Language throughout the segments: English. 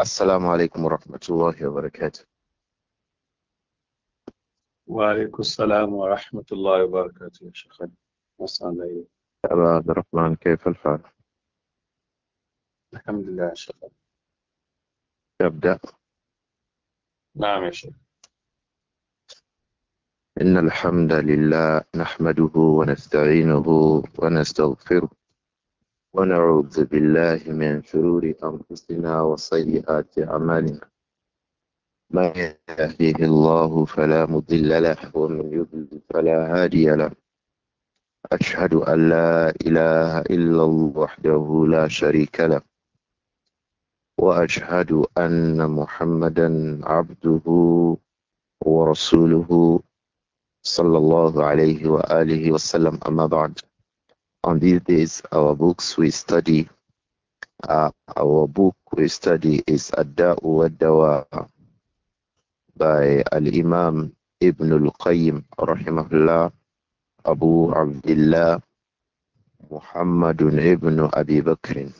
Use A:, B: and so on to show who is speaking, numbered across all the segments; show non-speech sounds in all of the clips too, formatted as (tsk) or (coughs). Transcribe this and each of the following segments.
A: السلام عليكم ورحمة الله وبركاته وعليكم السلام ورحمة الله وبركاته يا شيخ مساء عليكم عبد الرحمن كيف الحال؟ الحمد لله يا شيخ تبدأ؟ نعم يا شيخ إن الحمد لله نحمده ونستعينه ونستغفره ونعوذ بالله من شرور أنفسنا وسيئات أعمالنا ما يهديه الله فلا مضل له ومن يضلل فلا هادي له أشهد أن لا إله إلا الله وحده لا شريك له وأشهد أن محمدا عبده ورسوله صلى الله عليه وآله وسلم أما بعد on these days, our books we study, uh, our book we study is wa Dawa by Al Imam Ibn Al Qayyim, rahimahullah, Abu Abdullah Muhammadun Ibn Abi Bakr.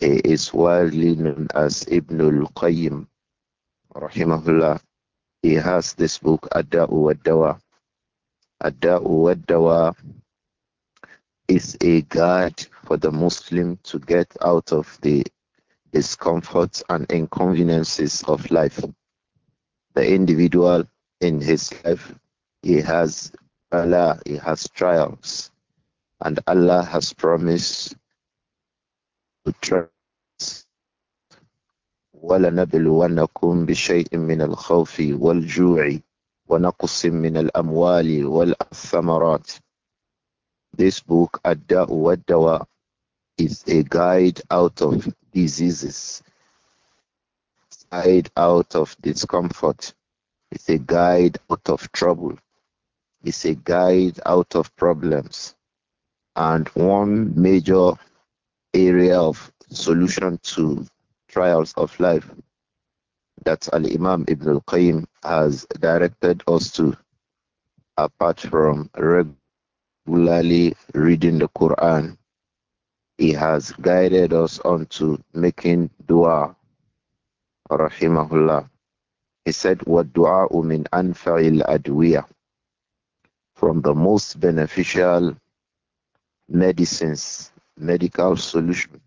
A: He is widely known as Ibn Al Qayyim, rahimahullah. He has this book wa Dawa. wa Dawa is a guide for the Muslim to get out of the discomforts and inconveniences of life. The individual in his life, he has Allah, he has triumphs, and Allah has promised to trust. ولنبلونكم بشيء من الخوف والجوع ونقص من الأموال والثمرات this book, Ad-Da'wa is a guide
B: out of diseases, guide out of discomfort. It's a guide out of trouble. It's a guide
A: out of problems. And one major area of solution to trials of life that Al Imam Ibn Al Qayyim has directed us to, apart from regular regularly reading the Quran, He has guided us on to making dua. Rahimahullah. He said, What dua min anfa'il adwiya. From the most beneficial medicines, medical solution,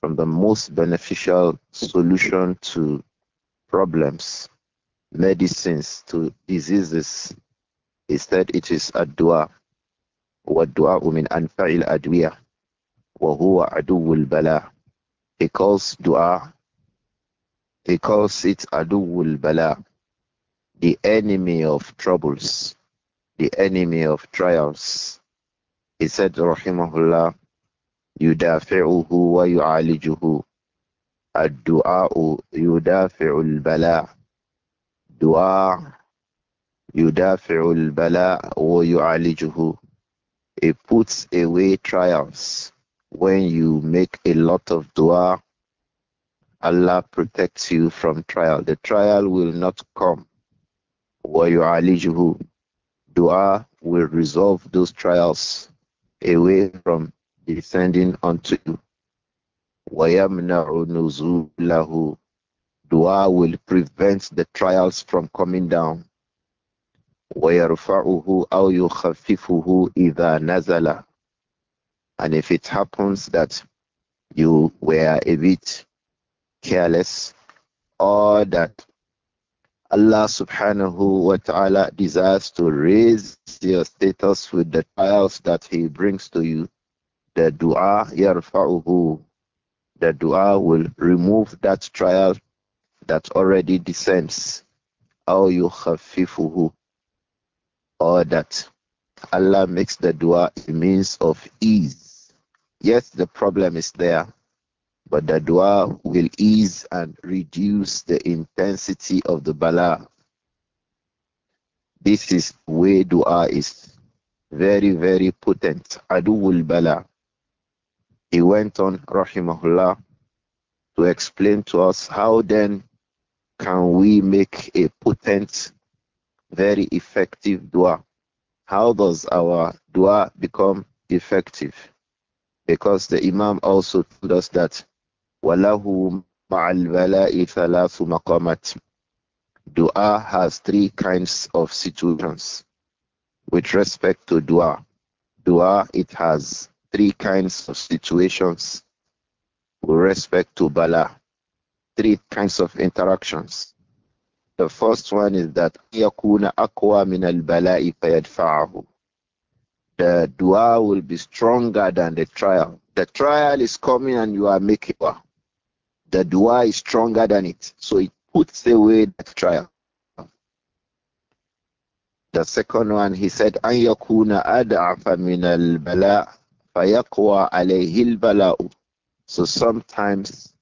A: from the most beneficial solution to problems, medicines to diseases. He said it is a dua. والدعاء من أنفع الأدوية وهو عدو
B: البلاء because دعاء because it عدو
A: البلاء the enemy of troubles the enemy of trials he said رحمه الله يدافعه ويعالجه الدعاء يدافع البلاء
B: دعاء يدافع البلاء ويعالجه It puts away trials. When you make a lot of dua, Allah protects you from trial. The trial will
A: not come. وَيُعَالِجُهُ Dua will resolve those trials away from descending onto you. وَيَمْنَعُ نُزُولَهُ Dua will prevent the
B: trials from coming down. وَيَرْفَعُهُ أَوْ يُخَفِّفُهُ إِذَا نَزَلَ And if it happens that you were a bit careless or that Allah subhanahu wa ta'ala desires to raise your status with the trials that He brings to you, the dua yarfa'uhu, the dua will remove that trial that already descends. Or you khafifuhu, or that Allah makes the dua a means of ease. Yes, the problem is there, but the dua will ease and reduce the intensity of the bala. This is where dua is very, very potent. Aduul bala. He went on, rahimahullah, to explain to us how then can we make a potent very effective dua. How does our dua become effective? Because the Imam also told us that وَلَهُ مَعَ الْبَلَاءِ ثَلَاثُ مَقَامَتٍ Dua has three kinds of situations. With respect to dua, dua it has three kinds of situations. With respect to bala, three kinds of interactions the first one is that yakuna akwa min al-bala'i fayadfa'ahu. The dua will be stronger than the trial. The trial is coming and you are making dua. The dua is stronger than it, so it puts away that trial. The second one, he said, ayakuna يكون min al-bala فيقوى عليه البلاء. So sometimes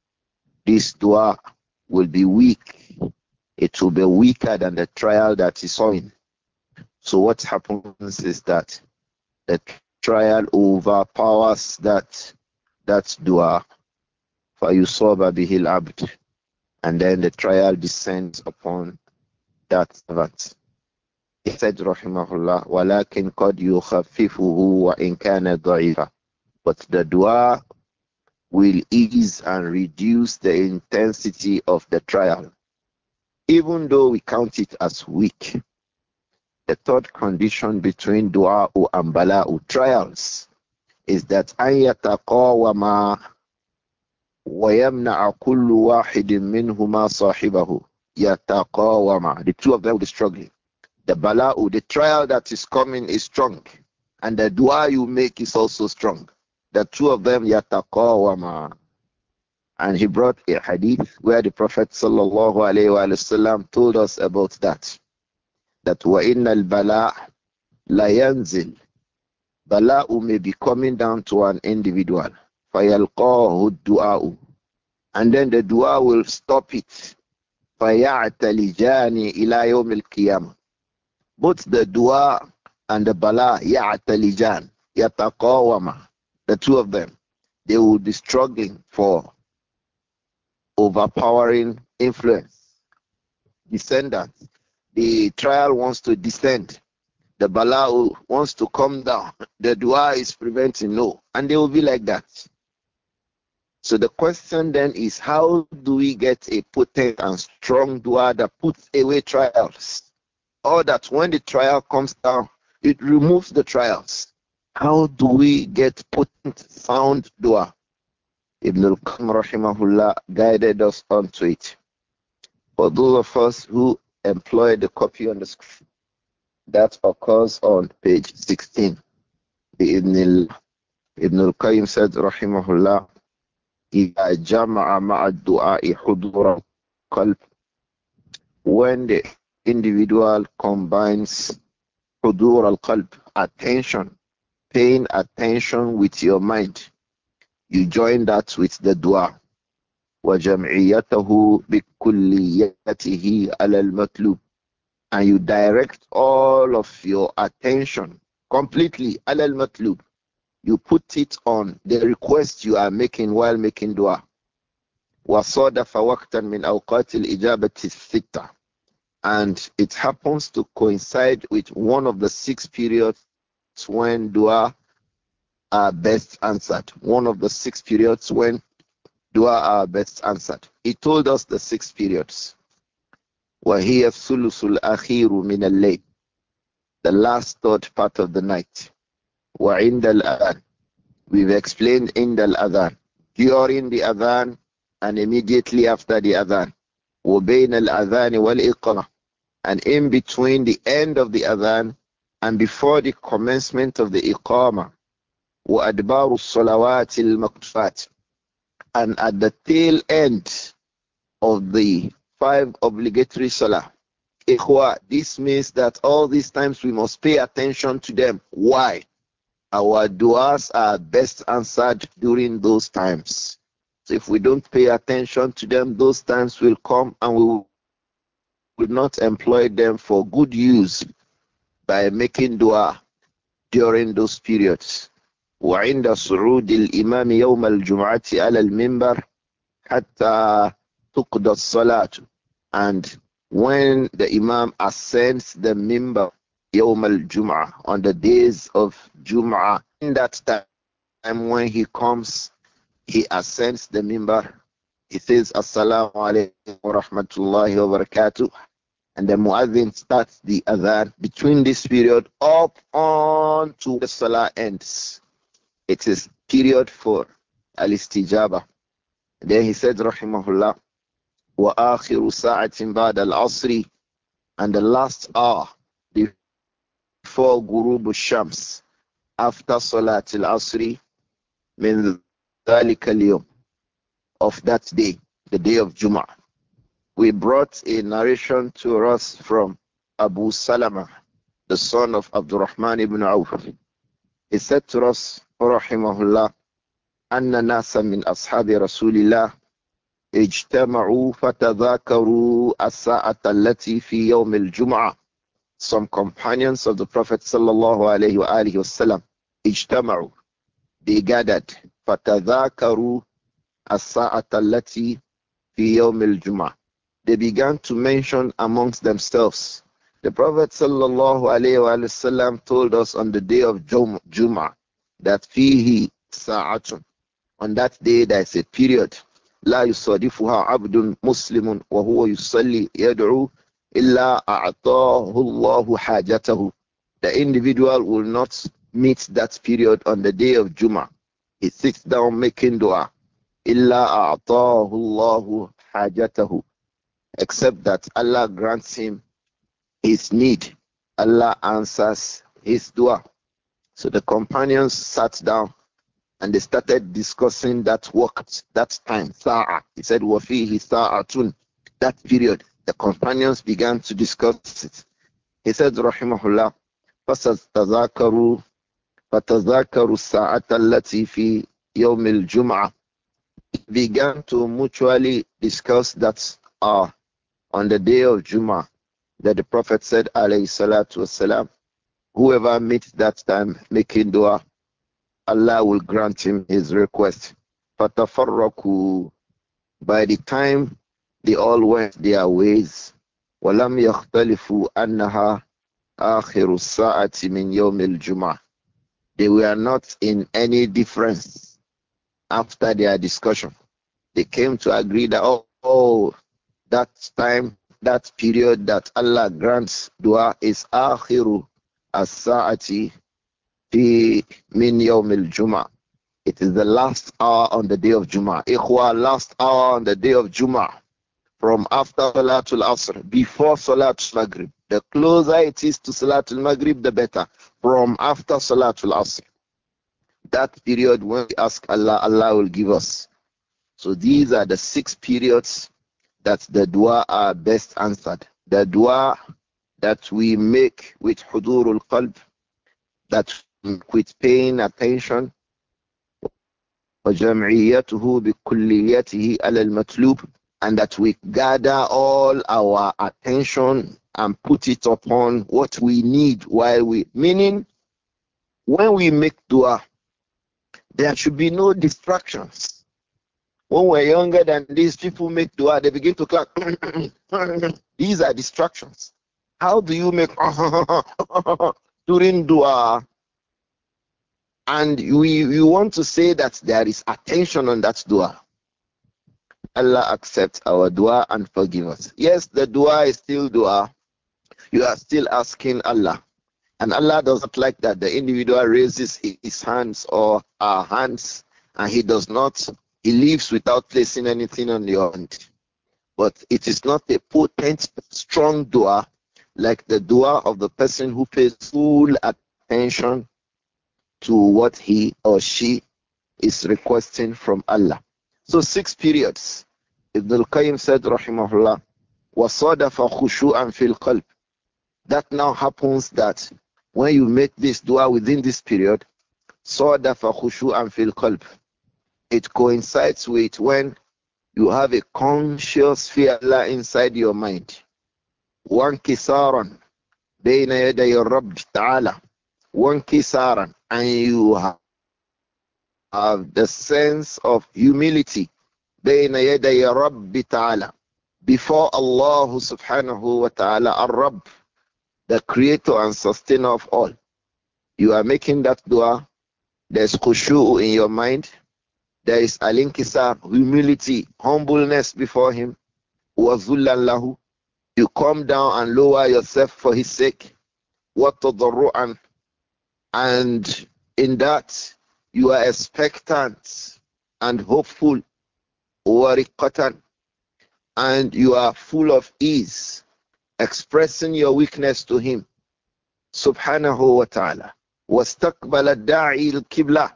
B: this dua will be weak it will be weaker than the trial that he saw in. So what happens is that the trial overpowers that that dua for you saw Bihil Abd. And then the trial descends upon that servant. He said, Rahimahullah, وَلَكِنْ قَدْ يُخَفِّفُهُ وَإِنْ كَانَ ضَعِيفًا But the dua will ease and reduce the intensity of the trial even though we count it as weak. The third condition between dua and bala'u trials is that أن wayamna ويمنع كل واحد sahibahu صاحبه يتقاوما The two of them will be struggling. The bala'u, the trial that is coming is strong. And the dua you make is also strong. The two of them يتقاوما and he brought a hadith where the Prophet sallallahu alaihi wasallam told us about that. That wa innal bala la yanzil. Bala may be coming down to an individual. Fayalqahu du'a'u. And then the dua will stop it. Fayatalijani ila yawm al-qiyamah. Both the dua and the bala ya'talijan, yataqawama. The two of them, they will be struggling for overpowering influence. Descendants. The trial wants to descend. The Balao wants to come down. The dua is preventing no. And they will be like that. So the question then is how do we get a potent and strong dua that puts away trials? Or that when the trial comes down, it removes the trials. How do we get potent, sound dua? Ibn al-Qayyim rahimahullah guided us onto it. For those of us who employ the copy on the screen, that occurs on page 16. The Ibn al-Qayyim said, rahimahullah, إذا جمع مع الدعاء حضور القلب when the individual combines حضور القلب attention paying attention with your mind you join that with the dua. وَجَمْعِيَّتَهُ بِكُلِّيَّتِهِ عَلَى الْمَطْلُوبِ And you direct all of your attention completely عَلَى الْمَطْلُوبِ You put it on the request you are making while making dua. وصادف وقتا من أوقات الإجابة الستة and it happens to coincide with one of the six periods when dua are best answered. One of the six periods when dua are best answered. He told us the six periods. وَهِيَ الثُّلُثُ الْأَخِيرُ مِنَ اللَّيْلِ The last third part of the night. وَعِنْدَ الْأَذَانِ We've explained in the adhan During the adhan and immediately after the adhan. وَبَيْنَ الْأَذَانِ وَالْإِقَامَةِ And in between the end of the adhan and before the commencement of the iqamah وأدبار الصلوات المكتوفات and at the tail end of the five obligatory salah. Ikhwa, this means that all these times we must pay attention to them. Why? Our du'as are best answered during those times. So if we don't pay attention to them, those times will come and we will not employ them for good use by making dua during those periods. وعند صعود الإمام يوم الجمعة على المنبر حتى تقضى الصلاة and when the Imam ascends the member Yawm al on the days of Jum'ah in that time when he comes he ascends the member he says assalamu alaikum wa rahmatullahi wa barakatuh and the muazzin starts the adhan between this period up on to the salah ends it is period for al-istijaba. Then he said, rahimahullah, wa akhiru sa'atin ba'da al-asri, and the last hour before ghurub shams after salat al-asri min dhalika al of that day, the day of Jum'ah. We brought a narration to us from Abu Salama, the son of Abdurrahman ibn Auf. He said to us, رحمه الله أن ناسا من أصحاب رسول الله اجتمعوا فتذاكروا الساعة التي في يوم الجمعة Some companions of the Prophet صلى الله عليه وآله وسلم اجتمعوا They gathered فتذاكروا الساعة التي في يوم الجمعة They began to mention amongst themselves The Prophet sallallahu told us on the day of Jum'ah that fihi sa'atun. On that day, there is a period. لا يصادفها عبد مسلم وهو يصلي يدعو إلا أعطاه الله حاجته. The individual will not meet that period on the day of Juma. He sits down making dua. إلا أعطاه الله حاجته. Except that Allah grants him his need. Allah answers his dua. So the companions sat down and they started discussing that worked that time. Sa'a. He said, Wafihi Sa'atun. That period, the companions began to discuss it. He said, Rahimahullah, فَسَتَذَاكَرُوا فَتَذَاكَرُوا السَّاعَةَ الَّتِي فِي يَوْمِ الْجُمْعَةِ Began to mutually discuss that hour uh, on the day of Juma that the Prophet said, alayhi salatu salam. Whoever meets that time making dua, Allah will grant him his request. فَتَفَرَّقُوا By the time they all went their ways, وَلَمْ يَخْتَلِفُوا أَنَّهَا آخِرُ السَّاعَةِ مِنْ يَوْمِ Juma, They were not in any difference after their discussion. They came to agree that, oh, oh that time, that period that Allah grants dua is akhiru as-sa'ati fi min yawm Juma, is the last hour on the day of Jum'ah. Ikhwa, last hour on the day of Jum'ah. From after Salatul Asr, before Salatul Maghrib. The closer it is to Salatul Maghrib, the better. From after Salatul Asr. That period when we ask Allah, Allah will give us. So these are the six periods that the dua are best answered. The dua that we make with hudurul qalb, that with paying attention, and that we gather all our attention and put it upon what we need while we meaning when we make dua there should be no distractions when we're younger than these people make dua they begin to clap (coughs) these are distractions how do you make (laughs) during dua? And we, we want to say that there is attention on that dua. Allah accept our dua and forgive us. Yes, the dua is still dua. You are still asking Allah. And Allah doesn't like that the individual raises his hands or our hands and he does not, he leaves without placing anything on the hand. But it is not a potent, strong dua like the dua of the person who pays full attention to what he or she is requesting from Allah. So six periods. Ibn al-Qayyim said, rahimahullah, khushu' خُشُوعًا فِي الْقَلْبِ That now happens that when you make this dua within this period, khushu' خُشُوعًا فِي الْقَلْبِ It coincides with when you have a conscious fear Allah inside your mind. وانكسارا بين يدي الرب تعالى وانكسارا and you have, have the sense of humility بين يدي الرب تعالى before Allah subhanahu wa ta'ala الرب the creator and sustainer of all you are making that dua there's khushu in your mind there is alinkisar humility humbleness before him وَذُلًّا لَهُ you come down and lower yourself for his sake. What and and in that you are expectant and hopeful, warikatan, and you are full of ease, expressing your weakness to him. Subhanahu wa ta'ala. وَاسْتَقْبَلَ al kibla,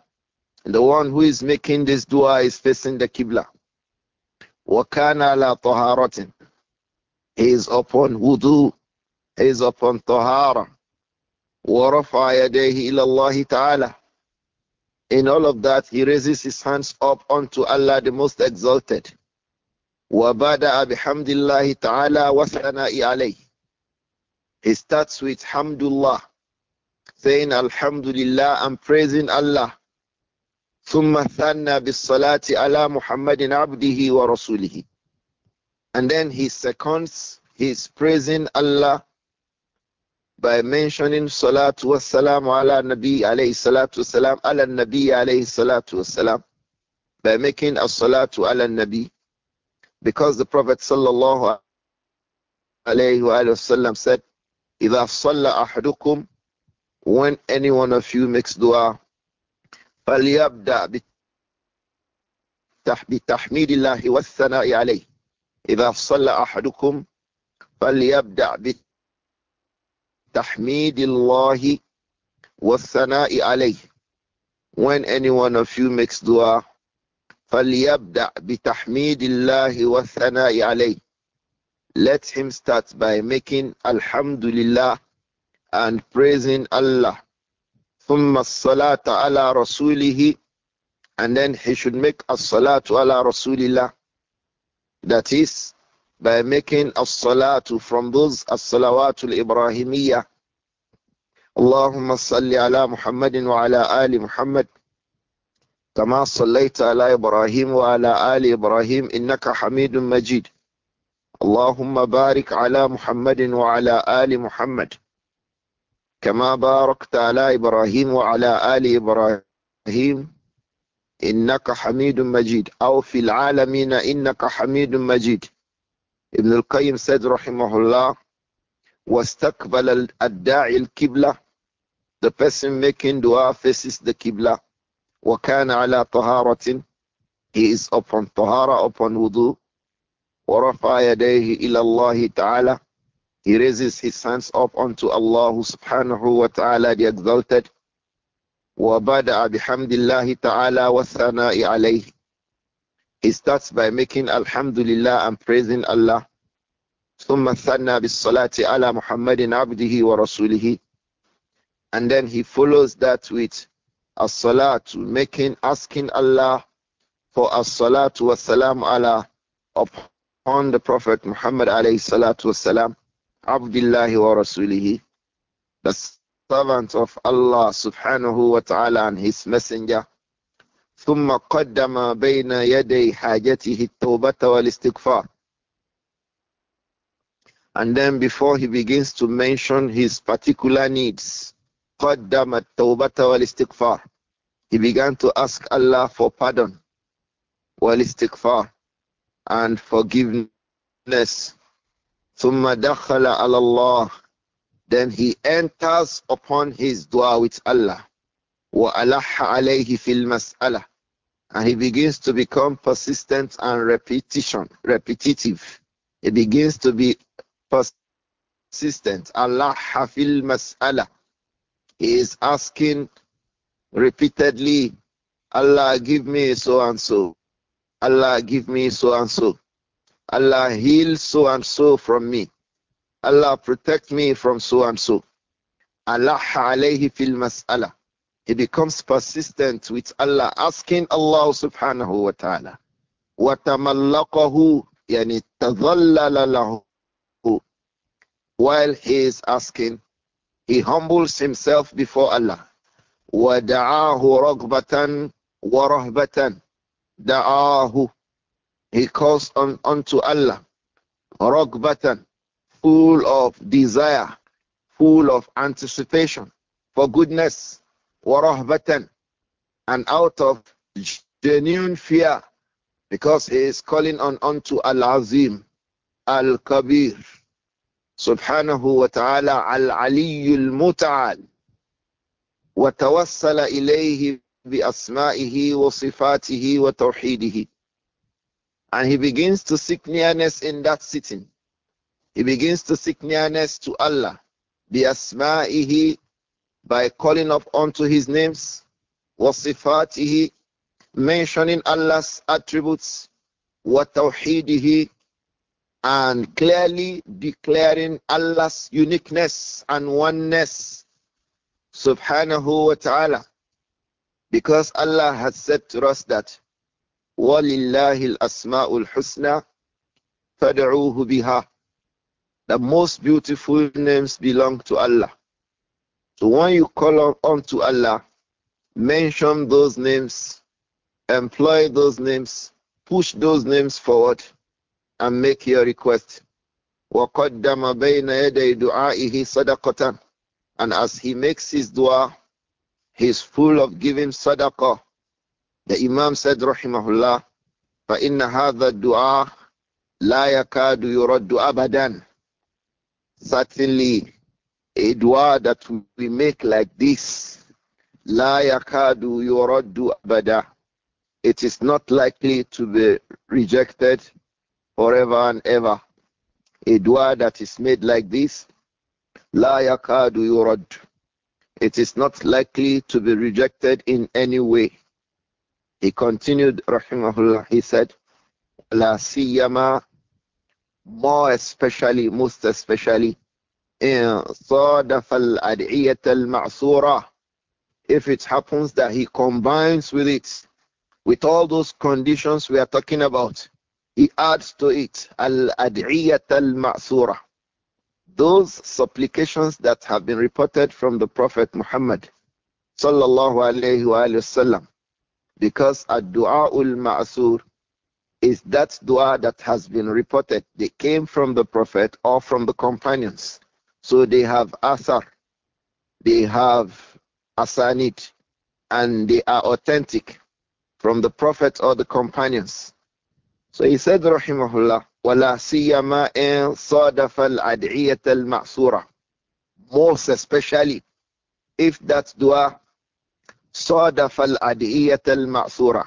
B: The one who is making this dua is facing the Wa kana la taharatin. He is upon wudu. He is upon tahara. وَرَفَعَ In all of that, he raises his hands up unto Allah, the Most Exalted. وَبَدَأَ بِحَمْدِ اللَّهِ تَعَالَى وَثَنَاءِ He starts with Hamdullah, saying Alhamdulillah and praising Allah. ثم ثنى بالصلاة على محمد عبده ورسوله and then he seconds his praising Allah by mentioning salatu wassalamu ala nabi alayhi salatu wassalam ala nabi alayhi salatu wassalam by making a salatu ala nabi because the prophet sallallahu alayhi wa sallam said idha salla ahadukum when any one of you makes dua falyabda bi tahmidillahi wa thana'i alayhi إذا صلى أحدكم فليبدأ بتحميد الله والثناء عليه when any one of you makes dua فليبدأ بتحميد الله والثناء عليه let him start by making alhamdulillah and praising Allah ثم الصلاة على رسوله and then he should make الصلاة على رسول الله That is by making as-salatu from those as-salawatul Ibrahimiyah. اللهم صل على محمد وعلى آل محمد كما صليت على إبراهيم وعلى آل إبراهيم إنك حميد مجيد اللهم بارك على محمد وعلى آل محمد كما باركت على إبراهيم وعلى آل إبراهيم إنك حميد مجيد أو في العالمين إنك حميد مجيد ابن القيم said رحمه الله واستقبل الداعي الكبلة the person making dua faces the Qibla وكان على طهارة he is upon طهارة upon wudu ورفع يديه إلى الله تعالى he raises his hands up unto Allah subhanahu wa ta'ala the exalted وَبَدَأَ بِحَمْدِ اللَّهِ تَعَالَى وَالثَّنَاءِ عَلَيْهِ He starts by making Alhamdulillah and praising Allah. ثُمَّ ثَنَّى بِالصَّلَاةِ عَلَى مُحَمَّدٍ عَبْدِهِ وَرَسُولِهِ And then he follows that with as making, asking Allah for as-salatu wa salam upon the Prophet Muhammad alayhi salatu wa abdillahi wa rasulihi servant of Allah subhanahu wa ta'ala and his messenger ثم قدم بين يدي حاجته التوبة والاستغفار and then before he begins to mention his particular needs قدم التوبة والاستغفار he began to ask Allah for pardon والاستغفار and forgiveness ثم دخل على الله then he enters upon his dua with Allah. وَأَلَحَّ عَلَيْهِ فِي الْمَسْأَلَةِ And he begins to become persistent and repetition, repetitive. He begins to be persistent. Allah fil mas'ala. He is asking repeatedly, Allah give me so and so. Allah give me so and so. Allah heal so and so from me. Allah protect me from so and so. Allah alayhi fil mas'ala. He becomes persistent with Allah, asking Allah subhanahu wa ta'ala. وَتَمَلَّقَهُ يعني تَظَلَّلَ له While he is asking, he humbles himself before Allah. وَدَعَاهُ رَغْبَةً وَرَهْبَةً دَعَاهُ He calls on, unto Allah. رَغْبَةً full of desire, full of anticipation for goodness, and out of genuine fear, because he is calling on unto Al Azim, Al Kabir, subhanahu wa ta'ala, Al Aliyul Muta'al. وتوسل إليه بأسمائه وصفاته وتوحيده and he begins to seek nearness in that sitting he begins to seek nearness to Allah. Bi asma'ihi by calling up unto his names, wasifatihi, mentioning Allah's attributes, wa tawhidihi, and clearly declaring Allah's uniqueness and oneness, subhanahu wa ta'ala. Because Allah has said to us that, وَلِلَّهِ الْأَسْمَاءُ الْحُسْنَى فَادْعُوهُ بِهَا the most beautiful names belong to Allah. So when you call on, on to Allah, mention those names, employ those names, push those names forward, and make your request. And as he makes his dua, he is full of giving sadaqah. The Imam said, Rahimahullah, فَإِنَّ هَذَا الدُّعَاء لَا يَكَادُ يُرَدُّ أَبَدًا Certainly, a dua that we make like this, La yakadu yuraddu abada. It is not likely to be rejected forever and ever. A dua that is made like this, La yakadu yuraddu. It is not likely to be rejected in any way. He continued, Rahimahullah, he said, La siyama more especially, most especially, in صادف الأدعية المعصورة if it happens that he combines with it, with all those conditions we are talking about, he adds to it al-ad'iyat al-ma'sura. Those supplications that have been reported from the Prophet Muhammad sallallahu alayhi wa sallam. Because ad-du'a al-ma'sur is that dua that has been reported. They came from the Prophet or from the companions. So they have asar, they have asanit, and they are authentic from the Prophet or the companions. So he said, Rahimahullah, وَلَا سِيَّمَا إِن صَادَفَ الْأَدْعِيَةَ الْمَعْصُورَةَ Most especially, if that dua صَادَفَ الْأَدْعِيَةَ الْمَعْصُورَةَ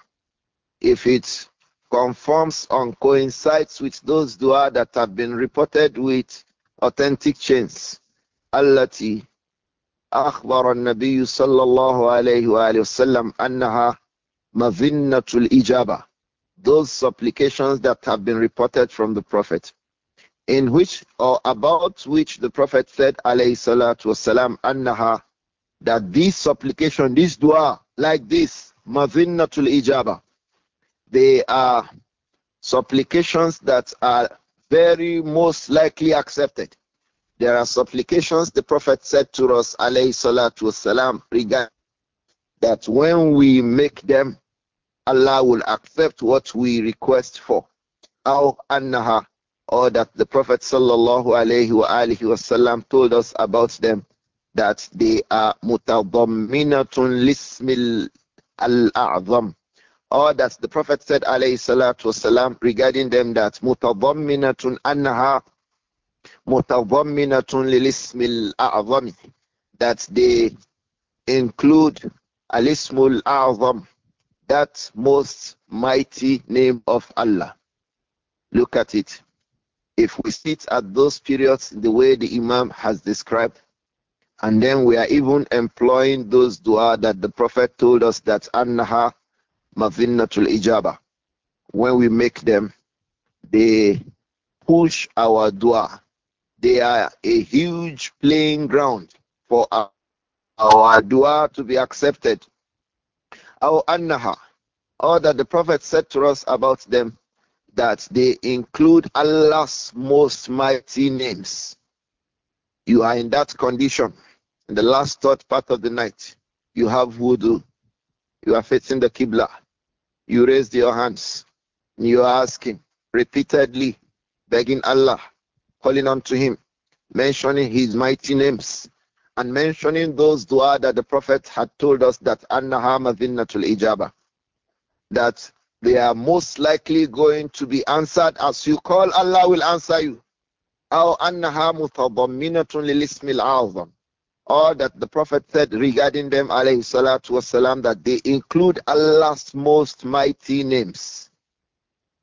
B: If it's conforms and coincides with those dua that have been reported with authentic chains. التي أخبر النبي صلى الله عليه وآله وسلم أنها مظنة الإجابة those supplications that have been reported from the Prophet in which or about which the Prophet said alayhi salatu wasalam annaha that this supplication, this dua like this, mazinnatul ijaba, they are supplications that are very most likely accepted. There are supplications the Prophet said to us, alayhi salatu wasalam, regarding that when we make them, Allah will accept what we request for. Aw annaha, or that the Prophet sallallahu alayhi wa alihi wasallam told us about them, that they are mutadamminatun lismil al-a'zam or that the Prophet said alayhi salatu wasalam regarding them that mutadamminatun annaha mutadamminatun lilismil a'zami that they include alismul a'zam that most mighty name of Allah look at it if we sit at those periods the way the imam has described and then we are even employing those dua that the prophet told us that anha. Mavinnatul Ijaba. When we make them, they push our dua. They are a huge playing ground for our, our dua to be accepted. Our annaha, or that the Prophet said to us about them, that they include Allah's most mighty names. You are in that condition. In the last third part of the night, you have wudu, you are facing the Qibla. You raise your hands. You are asking repeatedly, begging Allah, calling unto Him, mentioning His mighty names, and mentioning those dua that the Prophet had told us that Annahama madhinatul ijaba, that they are most likely going to be answered as you call, Allah will answer you. أو أنها متضمنة للاسم الأعظم all that the Prophet said regarding them, alayhi salatu wasalam, that they include Allah's most mighty names.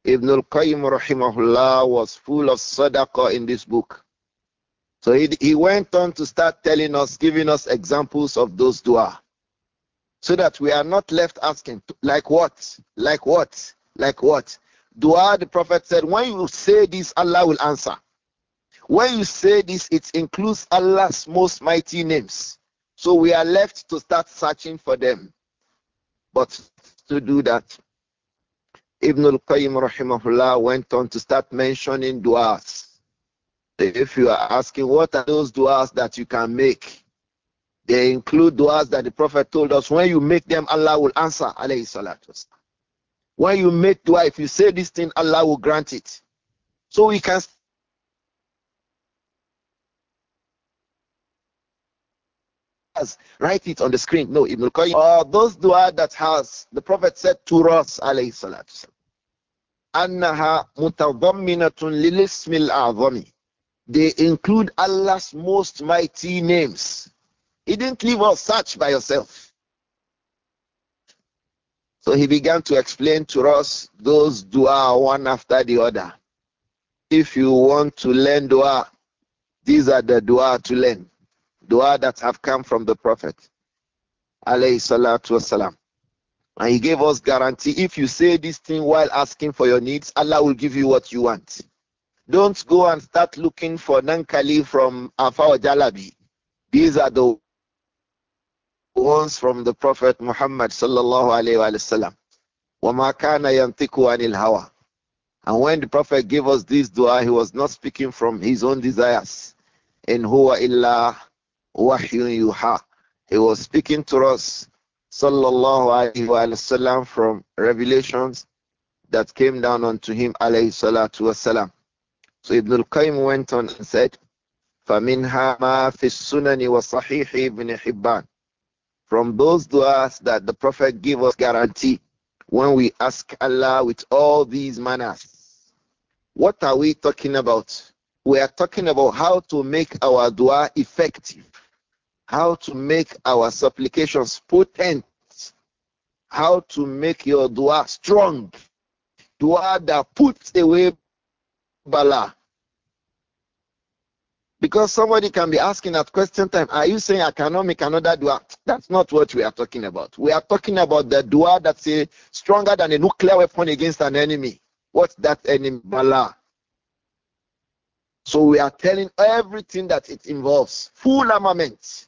B: Ibn al-Qayyim rahimahullah was full of sadaqah in this book. So he, he went on to start telling us, giving us examples of those dua. So that we are not left asking, like what? Like what? Like what? Dua, the Prophet said, when you say this, Allah will answer. When you say this, it includes Allah's most mighty names. So we are left to start searching for them. But to do that, Ibn al-Qayyim rahimahullah went on to start mentioning du'as. If you are asking what are those du'as that you can make, they include du'as that the Prophet told us when you make them, Allah will answer. Alayhi salatu when you make dua, if you say this thing, Allah will grant it. So we can write it on the screen. No, Ibn qayyim or those dua that has, the Prophet said to us, alayhi salatu أنها متضمنة للاسم they include Allah's most mighty names. He didn't leave us such by yourself. So he began to explain to us those dua one after the other. If you want to learn dua, these are the dua to learn dua that have come from the Prophet. Alayhi salatu wasalam. And he gave us guarantee if you say this thing while asking for your needs, Allah will give you what you want. Don't go and start looking for Nankali from Afa Jalabi. These are the ones from the Prophet Muhammad sallallahu alayhi wa sallam. and when the Prophet gave us this dua, he was not speaking from his own desires. In huwa illa yuha. He was speaking to us, sallallahu alaihi wasallam, from revelations that came down unto him, alayhi salatu So Ibn al-Qayyim went on and said, فَمِنْهَا مَا فِي السُّنَنِ وَصَحِيحِ ابْنِ حِبَّانِ From those du'as that the Prophet gave us guarantee when we ask Allah with all these manners. What are we talking about? We are talking about how to make our dua effective how to make our supplications potent, how to make your dua strong, dua that puts away bala. Because somebody can be asking at question time, are you saying I cannot make another dua? (tsk) That's not what we are talking about. We are talking about the dua that's a, stronger than a nuclear weapon against an enemy. What's that enemy? Bala. So we are telling everything that it involves. Full armament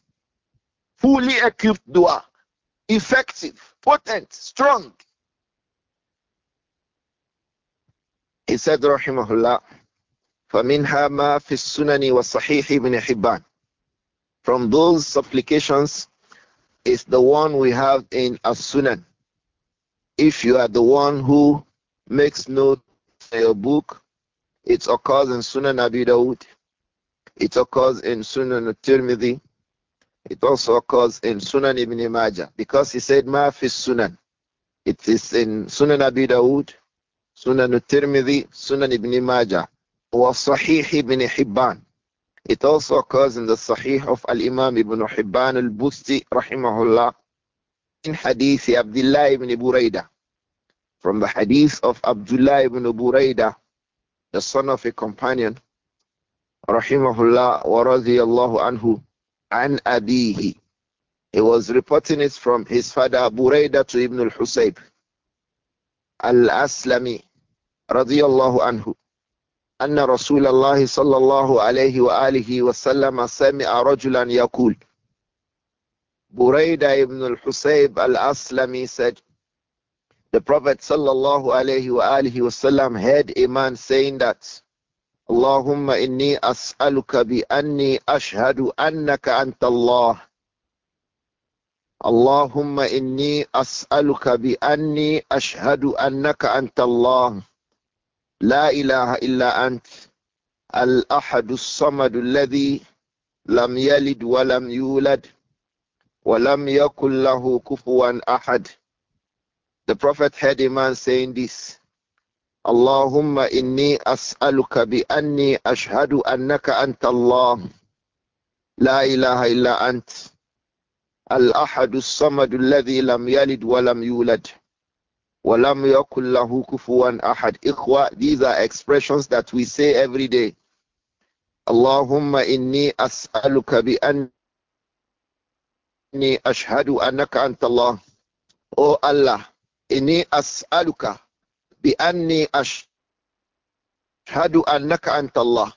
B: fully equipped dua, effective, potent, strong. He said, Rahimahullah, فَمِنْهَا مَا فِي السُّنَنِ وَالصَّحِيحِ بِنِ حِبَّانِ From those supplications is the one we have in As-Sunan. If you are the one who makes note in your book, it occurs in Sunan Abi Dawud, it occurs in Sunan Tirmidhi, it also occurs in Sunan ibn Majah because he said ma fi Sunan. It is in Sunan Abi Dawud, Sunan al-Tirmidhi, Sunan ibn Majah, or Sahih ibn Hibban. It also occurs in the Sahih of Al-Imam ibn Hibban al-Busti rahimahullah in Hadith Abdullah ibn Buraidah. From the Hadith of Abdullah ibn Buraidah, the son of a companion, rahimahullah wa radiyallahu anhu, an abihi. He was reporting it from his father Abu to Ibn al-Husayb al-Aslami radiyallahu anhu. أن رسول الله صلى الله عليه وآله وسلم سمع رجلا يقول Buraida ibn al-Husayb al-Aslami said The Prophet sallallahu alayhi عليه وآله wasallam heard a man saying that اللهم إني أسألك بأني أشهد أنك أنت الله اللهم إني أسألك بأني أشهد أنك أنت الله لا إله إلا أنت الأحد الصمد الذي لم يلد ولم يولد ولم يكن له كفوا أحد The Prophet heard a man saying this اللهم إني أسألك بأني أشهد أنك أنت الله لا إله إلا أنت الأحد الصمد الذي لم يلد ولم يولد ولم يكن له كفوا أحد إخوة these are expressions that we say every day اللهم إني أسألك بأني أشهد أنك أنت الله أو الله إني أسألك بأني أشهد أنك أنت الله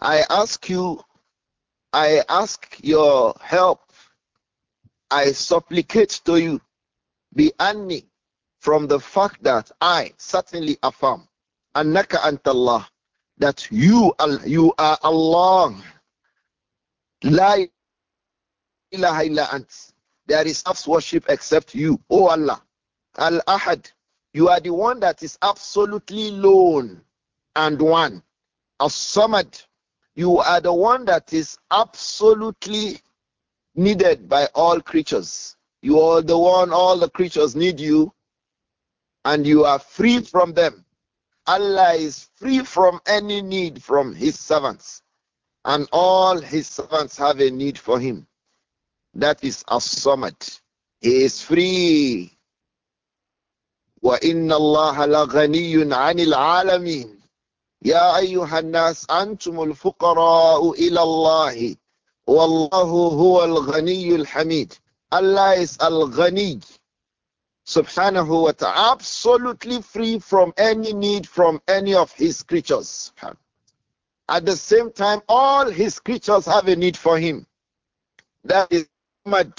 B: I ask you I ask your help I supplicate to you بأني from the fact that I certainly affirm أنك أنت الله that you you are Allah لا إله إلا أنت there is no worship except you O Allah Al-Ahad you are the one that is absolutely lone and one. As-Samad, you are the one that is absolutely needed by all creatures. You are the one all the creatures need you, and you are free from them. Allah is free from any need from His servants, and all His servants have a need for Him. That is As-Samad. He is free وإن الله لغني عن العالمين يا أيها الناس أنتم الفقراء إلى الله والله هو الغني الحميد Allah is al-ghani subhanahu wa ta'ala absolutely free from any need from any of his creatures at the same time all his creatures have a need for him that is Muhammad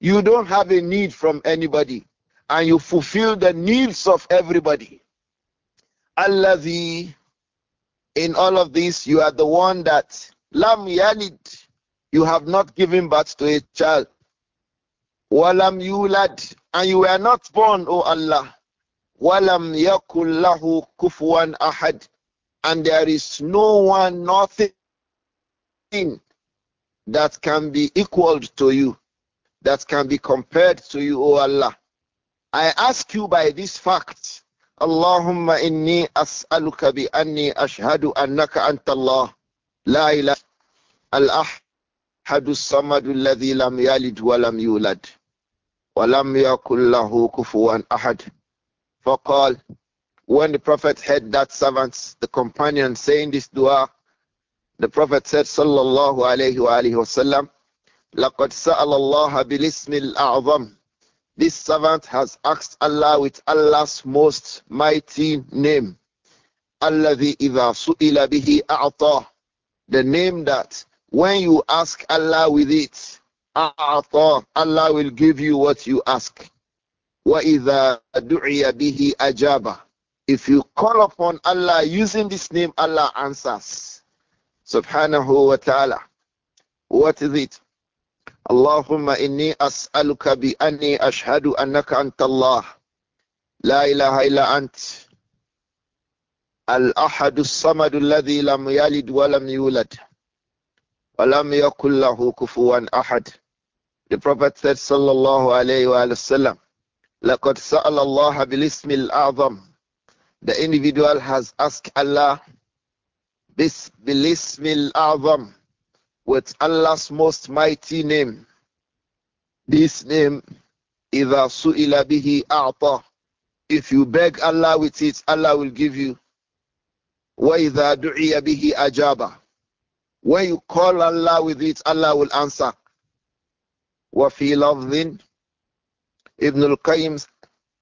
B: you don't have a need from anybody and you fulfill the needs of everybody. Allah the in all of this, you are the one that Lam Yalid, you have not given birth to a child. Walam Yulad, and you were not born, O Allah. Walam Yakullahu Kufuan Ahad, and there is no one, nothing that can be equaled to you, that can be compared to you, O Allah. I ask you by this fact, Allahumma inni as'aluka bi anni ashhadu annaka anta Allah la ilaha al-ahadu samadu alladhi lam yalid wa lam yulad wa lam yakul lahu kufuwan ahad. فقال when the prophet heard that servant, the companion saying this dua, the prophet said, Sallallahu alayhi wa alayhi wa sallam, لَقَدْ سَأَلَ اللَّهَ بِالِسْمِ الْأَعْظَمِ this servant has asked Allah with Allah's most mighty name. Allah su'ila bihi a'ta. The name that when you ask Allah with it, a'ta, Allah will give you what you ask. Wa idha du'iya bihi ajaba. If you call upon Allah using this name, Allah answers. Subhanahu wa ta'ala. What is it? اللهم إني أسألك بأني أشهد أنك أنت الله لا إله إلا أنت الأحد الصمد الذي لم يلد ولم يولد ولم يكن له كفوا أحد The Prophet said صلى الله عليه وآله وسلم لقد سأل الله بالاسم الأعظم The individual has asked Allah this بالاسم الأعظم with Allah's most mighty name. This name, إِذَا سُئِلَ بِهِ أَعْطَى If you beg Allah with it, Allah will give you. وَإِذَا دُعِيَ بِهِ أَجَابَ When you call Allah with it, Allah will answer. وَفِي لَفْظٍ Ibn al-Qayyim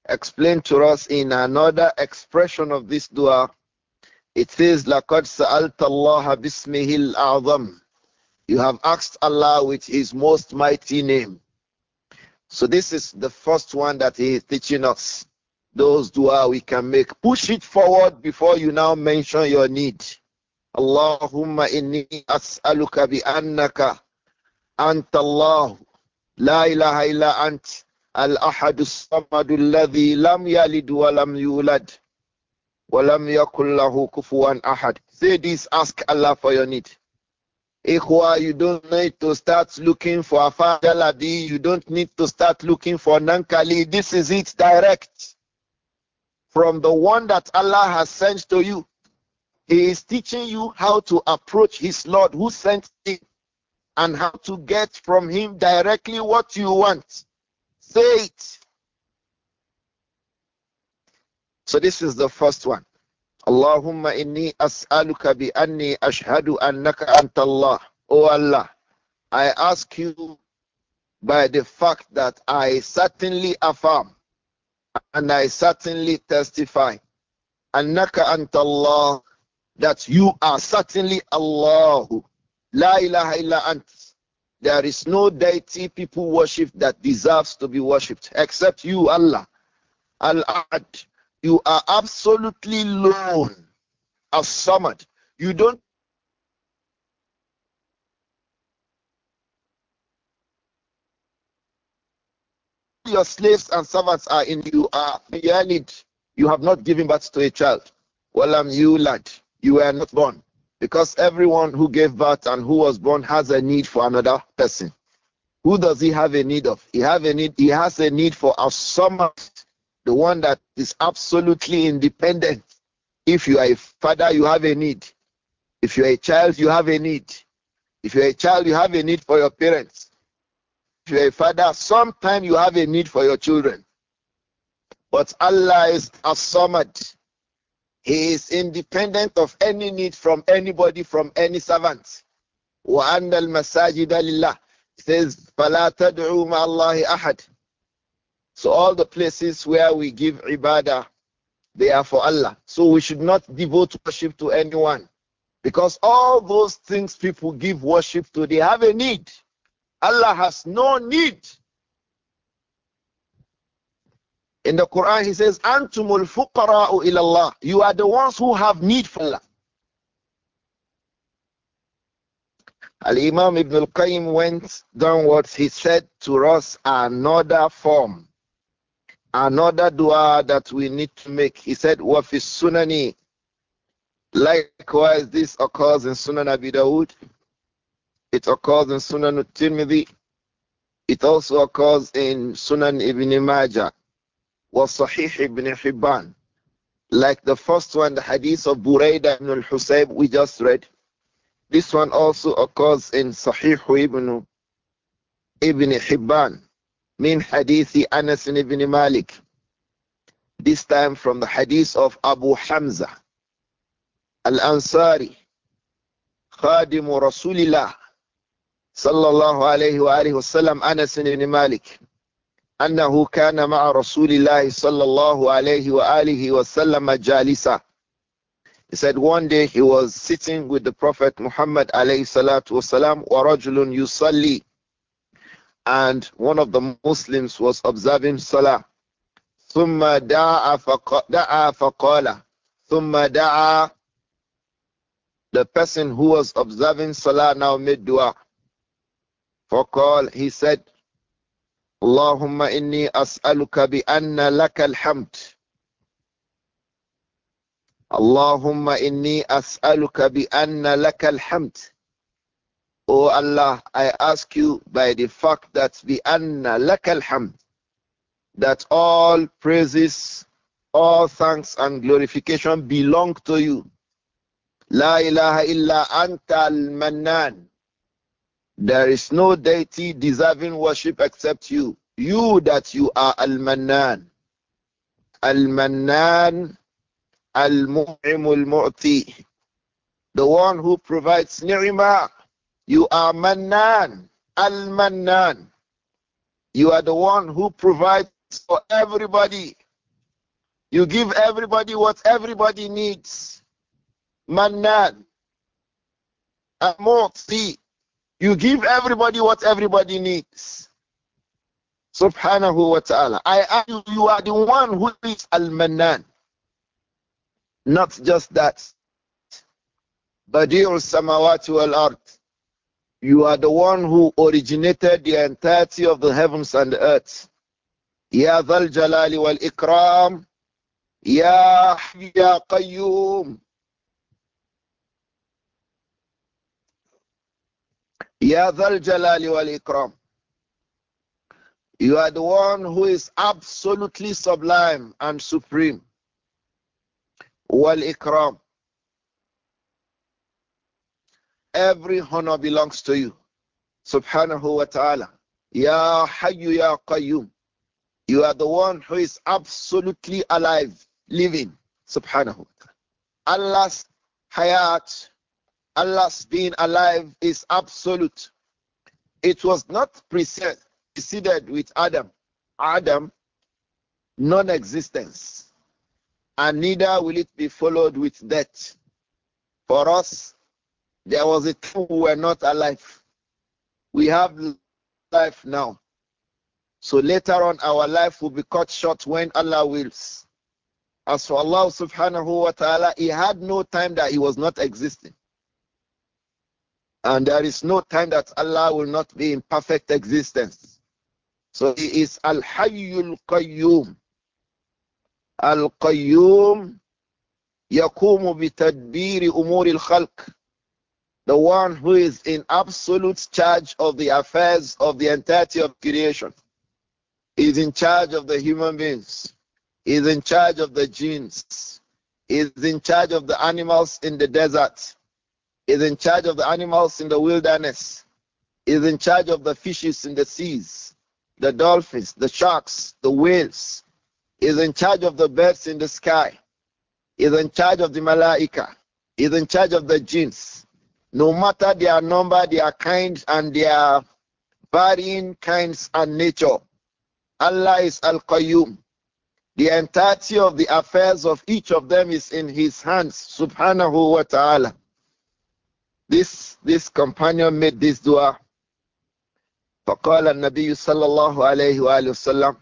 B: explained to us in another expression of this dua. It says, لَقَدْ سَأَلْتَ اللَّهَ بِاسْمِهِ الْأَعْظَمِ you have asked Allah with His most mighty name. So this is the first one that He is teaching us. Those dua we can make. Push it forward before you now mention your need. Allahumma inni as'aluka bi annaka anta Allah la ilaha illa ant al-ahad as-samad alladhi lam yalid wa lam yulad wa lam yakul lahu kufuwan ahad. Say this, ask Allah for your need. Ikhwa, you don't need to start looking for Afan You don't need to start looking for Nankali. This is it direct from the one that Allah has sent to you. He is teaching you how to approach His Lord who sent him and how to get from Him directly what you want. Say it. So, this is the first one. Allahumma inni as'aluka bi anni ashhadu annaka anta antallah. O Allah, I ask you by the fact that I certainly affirm and I certainly testify annaka anta Allah that you are certainly Allah. La ilaha illa ant. There is no deity people worship that deserves to be worshipped except you, Allah. Al-Ad, you are absolutely alone, as Samad. You don't your slaves and servants are in you are beyond You have not given birth to a child. Well, I'm you, lad. You were not born. Because everyone who gave birth and who was born has a need for another person. Who does he have a need of? He have a need. He has a need for a summer the one that is absolutely independent. If you are a father, you have a need. If you are a child, you have a need. If you are a child, you have a need for your parents. If you are a father, sometimes you have a need for your children. But Allah is as He is independent of any need from anybody, from any servant. وَأَنَّ الْمَسَاجِدَ لِلَّهِ says, فَلَا تَدْعُوا مَعَ اللَّهِ أَحَدٍ so all the places where we give ibadah, they are for Allah. So we should not devote worship to anyone. Because all those things people give worship to, they have a need. Allah has no need. In the Quran, He says, "Antumul fuqara'u ilallah." You are the ones who have need for Allah. Al Imam Ibn Al Qayyim went downwards. He said to us another form Another dua that we need to make, he said, Wafi Sunani. Likewise, this occurs in Sunan Abi Dawud. It occurs in Sunan Tirmidhi. It also occurs in Sunan Ibn Majah. Was Sahih Ibn Hibban. Like the first one, the hadith of Buraidah ibn al-Husayb we just read. This one also occurs in Sahih Ibn, Ibn Hibban min hadithi Anas ibn Malik. This time from the hadith of Abu Hamza al-Ansari, khadimu Rasulillah sallallahu alayhi wa alihi wasallam Anas ibn Malik. أنه كان مع رسول الله صلى الله عليه وآله وسلم جالسا He said one day he was sitting with the Prophet Muhammad عليه الصلاة والسلام ورجل يصلي and one of the Muslims was observing Salah. Summa da'a da'a Summa da'a. The person who was observing Salah now made dua. for call. he said, Allahumma inni as'aluka bi anna laka alhamd. Allahumma inni as'aluka bi anna laka alhamd. O oh Allah, I ask you by the fact that the anna lakal hamd, that all praises, all thanks and glorification belong to you. La ilaha illa anta al-mannan. There is no deity deserving worship except you. You that you are al-mannan. Al-mannan, al-mu'im al-mu'ti. The one who provides ni'mah you are Mannan, Al Mannan. You are the one who provides for everybody. You give everybody what everybody needs. manan. Amorti. You give everybody what everybody needs. Subhanahu wa ta'ala. I ask you, you are the one who is Al Mannan. Not just that. Badir samawati wal ard. You are the one who originated the entirety of the heavens and the earth. Ya Dhal Jalali wal Ikram. Ya Ya Qayyum. Ya Dhal Jalali wal Ikram. You are the one who is absolutely sublime and supreme. Wal Ikram. Every honor belongs to you. Subhanahu wa ta'ala. Ya Hayyu Ya Qayyum. You are the one who is absolutely alive, living. Subhanahu wa ta'ala. Allah's hayat, Allah's being alive is absolute. It was not preceded with Adam. Adam, non existence. And neither will it be followed with death. For us, there was a time we were not alive. We have life now. So later on, our life will be cut short when Allah wills. As for Allah subhanahu wa ta'ala, He had no time that He was not existing. And there is no time that Allah will not be in perfect existence. So He is Al Hayyul Qayyum. Al Qayyum يقوم بتدبير Umuril khalq the one who is in absolute charge of the affairs of the entirety of creation. is in charge of the human beings. Is in charge of the genes. Is in charge of the animals in the desert. Is in charge of the animals in the wilderness. Is in charge of the fishes in the seas, the dolphins, the sharks, the whales. Is in charge of the birds in the sky. Is in charge of the malaika. Is in charge of the genes. No matter their number, their kinds, and their varying kinds and nature. Allah is Al Qayyum. The entirety of the affairs of each of them is in His hands, subhanahu wa ta'ala. This, this companion made this dua. فقال النبي صلى الله عليه وآله وسلم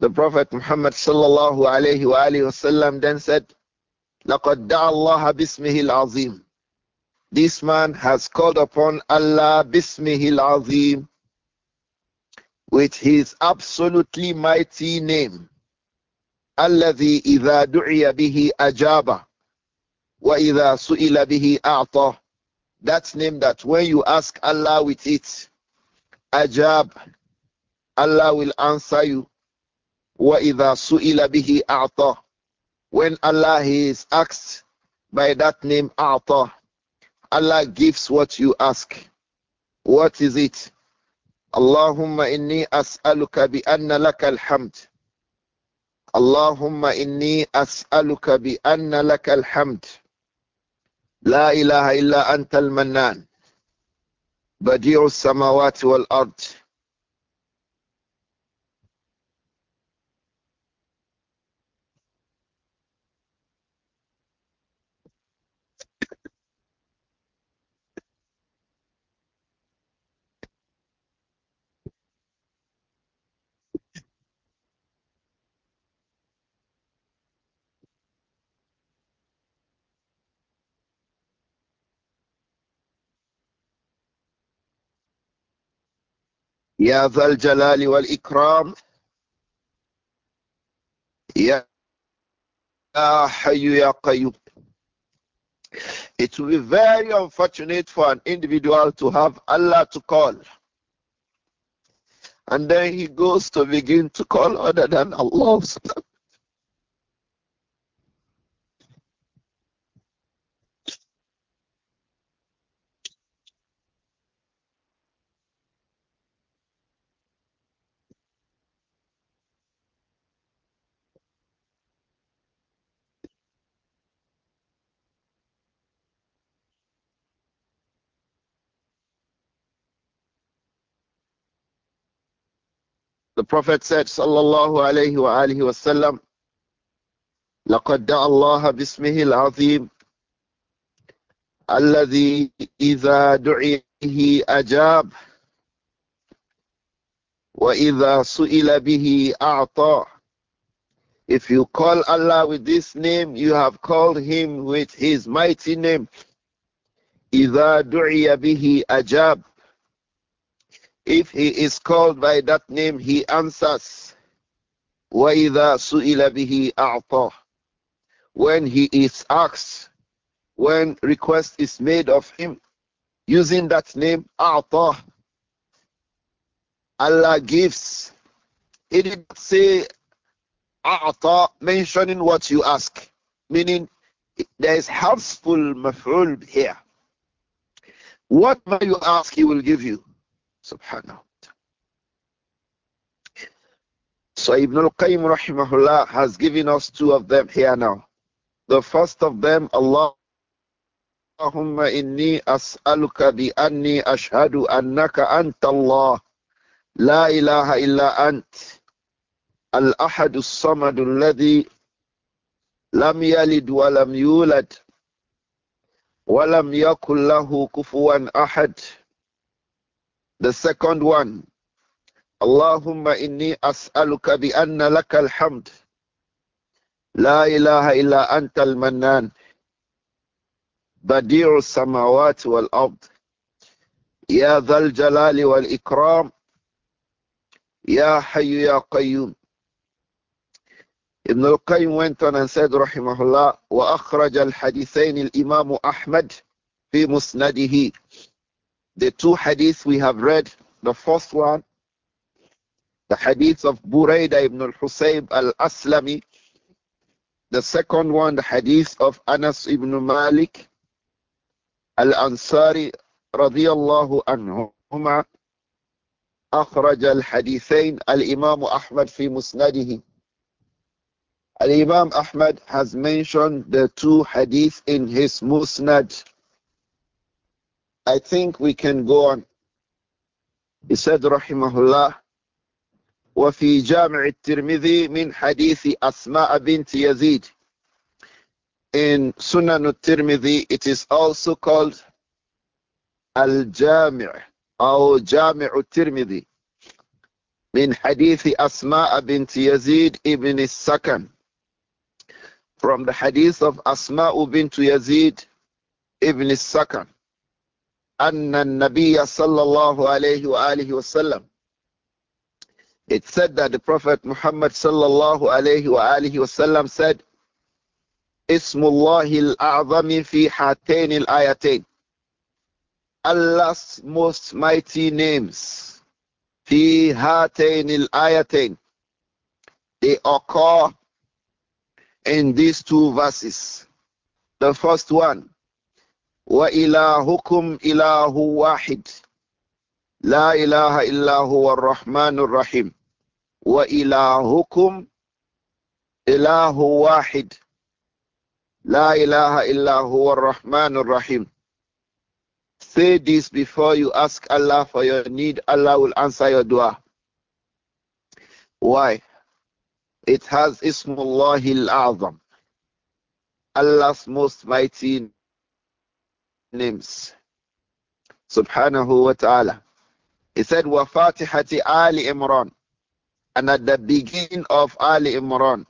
B: The Prophet Muhammad صلى الله عليه وآله وسلم then said لقد دعا الله باسمه العظيم this man has called upon Allah Bismihil Azim with his absolutely mighty name. الذي إذا دعي به أجاب وإذا سئل به أعطى That name that when you ask Allah with it, Ajab, Allah will answer you. وإذا سئل به أعطى When Allah is asked by that name, أعطى Allah gives what you ask. What is it? Allahumma inni as'aluka bi anna laka alhamd. Allahumma inni as'aluka bi anna laka alhamd. La ilaha illa anta al-mannan. Badi'u samawati wal-ard. يا ذا الجلال والإكرام يا حي يا قيوم It will be very unfortunate for an individual to have Allah to call. And then he goes to begin to call
A: other than Allah.
B: The Prophet said, Sallallahu alayhi wa alihi wa sallam, لَقَدْ دَعَ اللَّهَ بِاسْمِهِ الْعَظِيمِ الَّذِي إِذَا دُعِيهِ أَجَابَ وَإِذَا سُئِلَ بِهِ أَعْطَى If you call Allah with this name, you have called Him with His mighty name. إِذَا دُعِيَ بِهِ أَجَابَ if he is called by that name, he answers. وَإِذَا سُئِلَ بِهِ أَعْطَى When he is asked, when request is made of him, using that name, أَعْطَى Allah gives. He did say أَعْطَى mentioning what you ask, meaning there is helpful maf'ul here. What may you ask, he will give you subhanahu So Ibn al-Qayyim rahimahullah has given us two of them here now. The first of them, Allah, Allahumma inni as'aluka bi anni ashhadu annaka anta Allah, la ilaha illa ant, al ahadu as-samad lam yalid wa yulad, ولم يكن له كفوا احد the second one, Allahumma inni as'aluka bi anna laka alhamd. La ilaha illa anta al-mannan. بديع السماوات Ya يا ذا wal Ikram, ya حي ya qayyum. Ibn al-Qayyim went on and said رحمه الله وأخرج الحديثين الإمام أحمد في مسنده the two hadiths we have read, the first one, the hadith of Buraidah ibn al-Husayb al-Aslami, the second one, the hadith of Anas ibn Malik al-Ansari radiyallahu anhuma, أخرج الحديثين الإمام أحمد في مسنده Al Imam Ahmad has mentioned the two hadith in his Musnad. I think we can go on. He said, Rahimahullah, وفي جامع الترمذي من حديث أسماء بنت يزيد. In Sunan al-Tirmidhi, it is also called al-Jami' أو جامع الترمذي من حديث أسماء بنت يزيد ابن السكن from the hadith of Asma bint Yazid ibn Sakan أن النبي صلى الله عليه وآله وسلم It said that the Prophet Muhammad صلى الله عليه وآله وسلم said اسم الله الأعظم في هاتين الآيتين Allah's most mighty names في هاتين الآيتين They occur in these two verses. The first one وإلهكم إله واحد لا إله إلا هو الرحمن الرحيم وإلهكم إله واحد لا إله إلا هو الرحمن الرحيم Say this before you ask Allah for your need. Allah will answer your dua. Why? It has Ismullah al-Azam. Allah's most mighty names. Subhanahu wa ta'ala. He said, Wa Fatihati Ali Imran. And at the beginning of Ali Imran,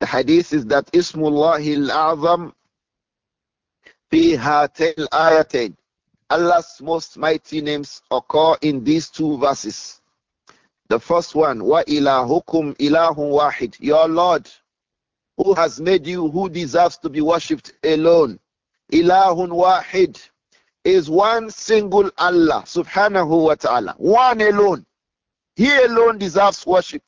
B: the hadith is that Ismullah al-Azam fi hatil ayatain. Allah's most mighty names occur in these two verses. The first one, wa ilahukum ilahun wahid. Your Lord, who has made you, who deserves to be worshipped alone ilahun wahid is one single Allah subhanahu wa ta'ala. One alone. He alone deserves worship.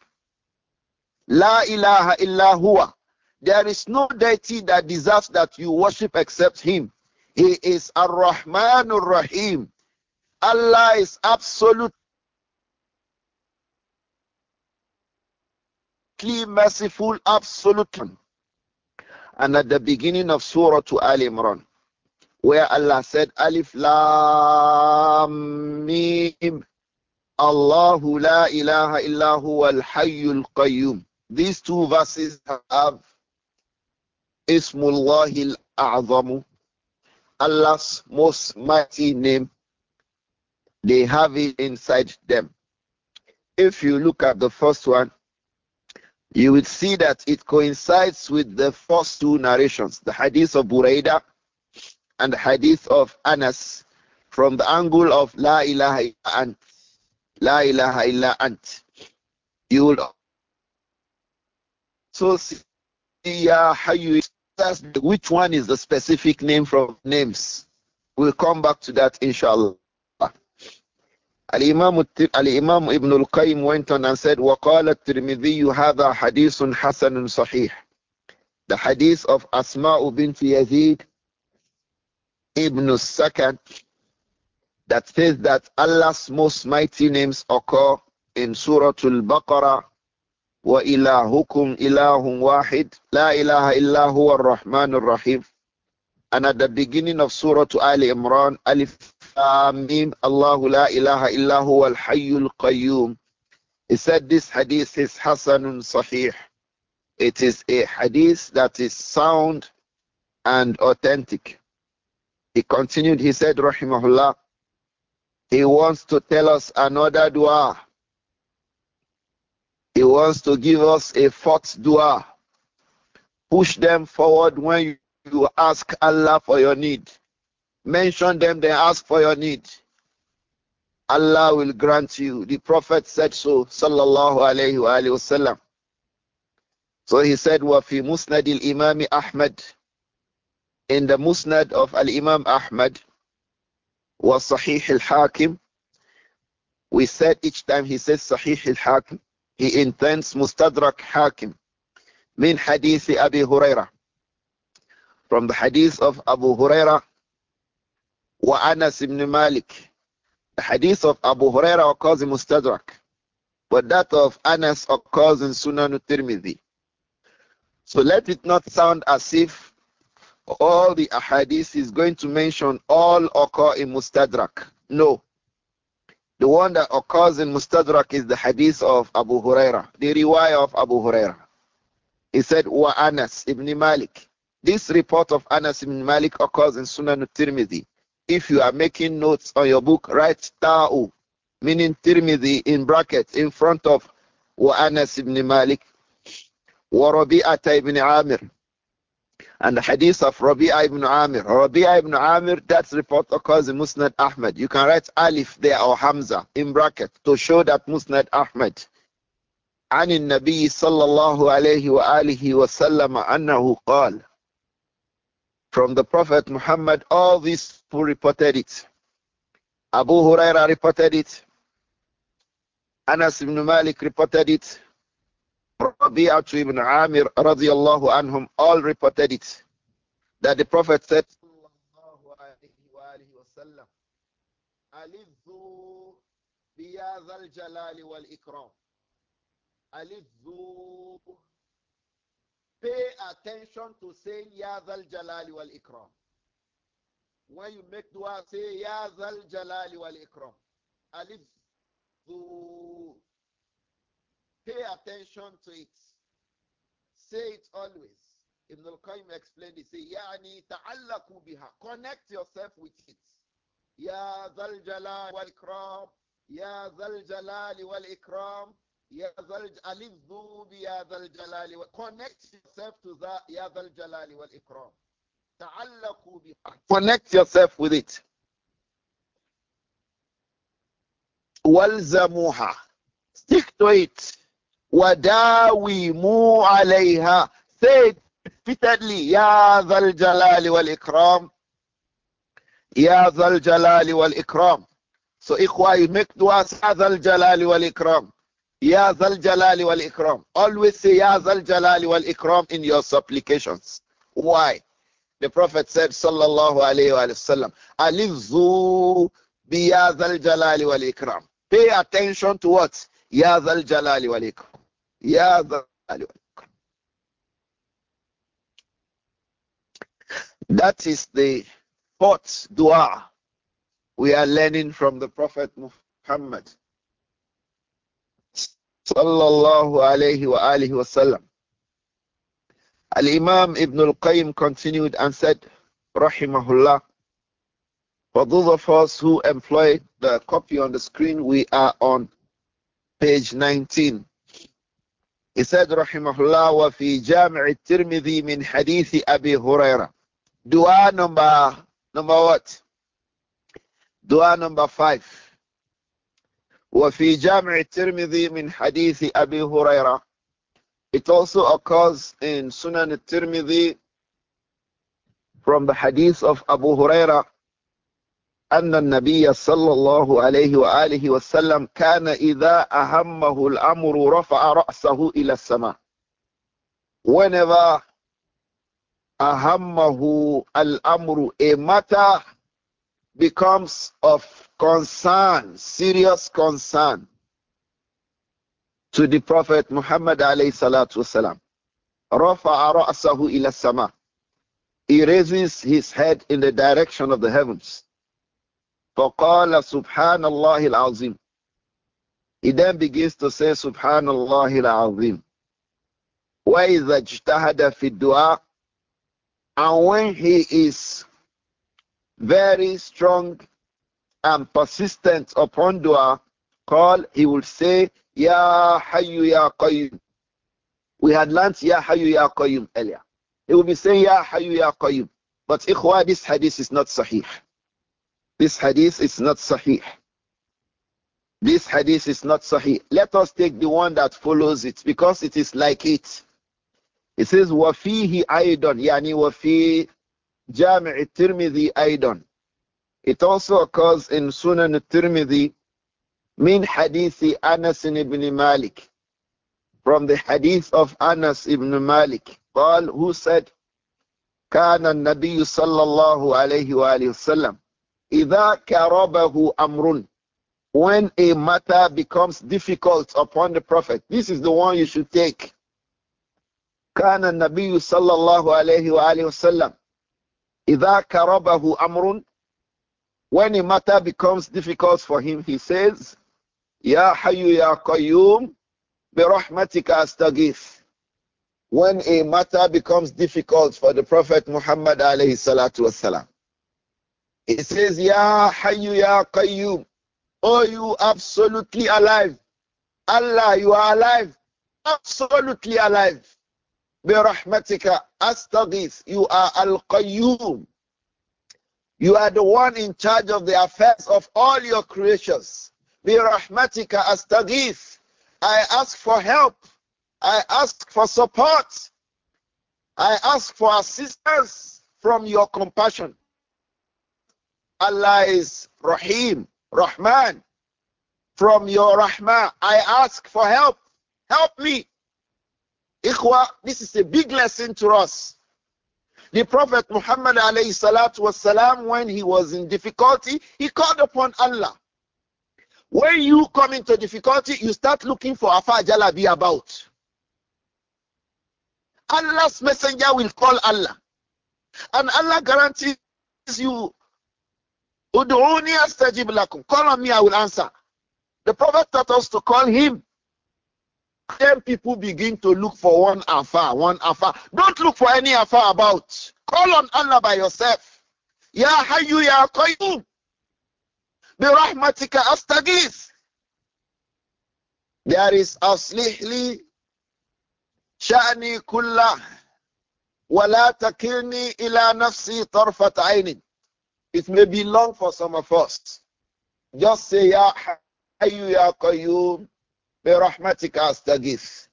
B: La ilaha illa huwa. There is no deity that deserves that you worship except him. He is Ar-Rahman Ar-Rahim. Allah is absolutely merciful, absolutely. And at the beginning of Surah to Al Imran, where Allah said, Alif Lam Mim. Allahu la ilaha illahu al hayyul qayyum. These two verses have Ismullah al a'zamu. Allah's most mighty name. They have it inside them. If you look at the first one, you will see that it coincides with the first two narrations, the hadith of Buraida and the hadith of Anas from the angle of La ilaha illa ant. La ilaha illa ant. You will so see how you which one is the specific name from names. We'll come back to that inshallah. Al-Imam, Al-Imam Ibn Al-Qayyim went on and said, you have a حَدِيثٌ حَسَنٌ Sahih. The hadith of Asma bint Yazid Ibn Sakat that says that Allah's most mighty names occur in Surah Al-Baqarah wa وإلهكم إله واحد la إله إلا هو rahmanu rahim. and at the beginning of Surah Ali Imran Alif Mim Allahu la ilaha illa huwa al-hayyul qayyum he said this hadith is hasanun sahih it is a hadith that is sound and authentic he continued, he said, Rahimahullah, he wants to tell us another dua. He wants to give us a fourth dua. Push them forward when you ask Allah for your need. Mention them, then ask for your need. Allah will grant you. The Prophet said so, sallallahu alayhi wa, sallam. So he said, وَفِي مُسْنَدِ الْإِمَامِ أَحْمَدِ in the Musnad of Al Imam Ahmad was Sahih al Hakim. We said each time he says Sahih al Hakim, he intends Mustadrak Hakim, min Hadith Abi Huraira. From the Hadith of Abu Huraira wa Anas ibn Malik. The Hadith of Abu Huraira occurs in Mustadrak, but that of Anas occurs in Sunan al Tirmidhi. So let it not sound as if all the ahadith is going to mention all occur in Mustadrak. No. The one that occurs in Mustadrak is the hadith of Abu Huraira, the riwayah of Abu Huraira. He said, Wa Anas ibn Malik. This report of Anas ibn Malik occurs in Sunan Tirmidhi. If you are making notes on your book, write Ta'u, meaning Tirmidhi in brackets in front of Wa Anas ibn Malik. Wa Rabi'ata ibn Amir. And the hadith of Rabi'a ibn Amir. Rabi'a ibn Amir, that report occurs in Musnad Ahmad. You can write Alif there or Hamza in bracket to show that Musnad Ahmad. عن النبي صلى الله عليه وآله وسلم أنه قال From the Prophet Muhammad, all these who reported it. Abu Huraira reported it. Anas ibn Malik reported it to ibn Amir radiallahu anhum all reported it. That the Prophet said, Alizzu biyazal jalali wal ikram. Alizzu. Pay attention to saying yazal jalali wal ikram. When you make dua, say yazal jalali wal ikram. Alizzu. Pay attention to it. Say it always. Ibn al-Qayyim explained it. Say, يعني ta'allaku biha." Connect yourself with it. wal Ikram. Ya zal يا wal Ikram. Ya zal alif الجلال يا ذا الجلال و... Connect yourself to that zal ذا wal Ikram. Ta'allaku بها. Connect yourself with it. والزموها. Stick to it. وَدَاوِمُوا عَلَيْهَا Say it repeatedly, يَا ذَا الْجَلَالِ ya يَا ذَا الْجَلَالِ وَالْإِكْرَامِ So, ikhwa, you make dua, يَا ذَا الْجَلَالِ وَالْإِكْرَامِ Ya Zal Jalali wal Ikram. Always say Ya Zal Jalali wal Ikram in your supplications. Why? The Prophet said, Sallallahu Alaihi Wasallam, Alizu bi Ya Zal Jalali wal Ikram. Pay attention to what? Ya Zal Jalali wal Ikram. يا That is the fourth dua we are learning from the Prophet Muhammad. Sallallahu alayhi wa alihi wasallam. Al Imam Ibn al Qayyim continued and said, Rahimahullah, for those of us who employ the copy on the screen, we are on page 19 he said, Rahimahullah, wa fi jami' tirmidhi min hadithi Abi Huraira. Dua number, number what? Dua number five. Wa fi jami' tirmidhi min hadithi Abi Huraira. It also occurs in Sunan al-Tirmidhi from the hadith of Abu Huraira أن النبي صلى الله عليه وآله وسلم كان إذا أهمه الأمر رفع رأسه إلى السماء whenever أهمه الأمر amru a matter becomes of concern serious concern to the prophet muhammad عليه الصلاة والسلام رفع رأسه إلى السماء he raises his head in the direction of the heavens فَقَالَ سُبْحَانَ اللَّهِ الْعَظِيمِ He then begins to say, سُبْحَانَ اللَّهِ الْعَظِيمِ وَإِذَا اجْتَهَدَ فِي الدُّعَاءِ And when he is very strong and persistent upon dua, call, he will say, Ya Hayyu Ya Qayyum. We had learnt Ya Hayyu Ya Qayyum earlier. He will be saying Ya Hayyu Ya Qayyum. But ikhwa, this hadith is not sahih. This hadith is not sahih. This hadith is not sahih. Let us take the one that follows it because it is like it. It says wafihi aidan yani wafi jami' tirmidhi aidan. It also occurs in Sunan tirmidhi min hadithi Anas ibn Malik. From the hadith of Anas ibn Malik, قال, who said, كان النبي صلى الله عليه وآله وسلم إِذَا كَرَبَهُ أَمْرٌ When a matter becomes difficult upon the Prophet, this is the one you should take. كان النبي صلى الله عليه وآله وسلم إذا كربه أمر When a matter becomes difficult for him, he says, يا حي يا قيوم برحمتك أستغيث When a matter becomes difficult for the Prophet Muhammad عليه salatu والسلام, it says, Ya Hayyu Ya Qayyum. Oh, you absolutely alive. Allah, you are alive. Absolutely alive. rahmatika أستغيث. You are Al-Qayyum. You are the one in charge of the affairs of all your creations. rahmatika أستغيث. I ask for help. I ask for support. I ask for assistance from your compassion. Allah is Rahim, Rahman. From your Rahma, I ask for help. Help me. Ikhwa, this is a big lesson to us. The Prophet Muhammad alayhi salatu when he was in difficulty, he called upon Allah. When you come into difficulty, you start looking for Afa Be about. Allah's messenger will call Allah. And Allah guarantees you Udu'uni astajib lakum. Call on me, I will answer. The Prophet taught us to call him. Then people begin to look for one afar, one afar. Don't look for any afar about. Call on Allah by yourself. Ya Hayyu Ya Qayyum. Bi rahmatika astagis. There is aslihli sha'ni kullah. ولا تكلني ila nafsi طرفة عين it may be long for some of us. Just say, Ya Hayyu Ya Qayyum, Bi Rahmatika Astaghith.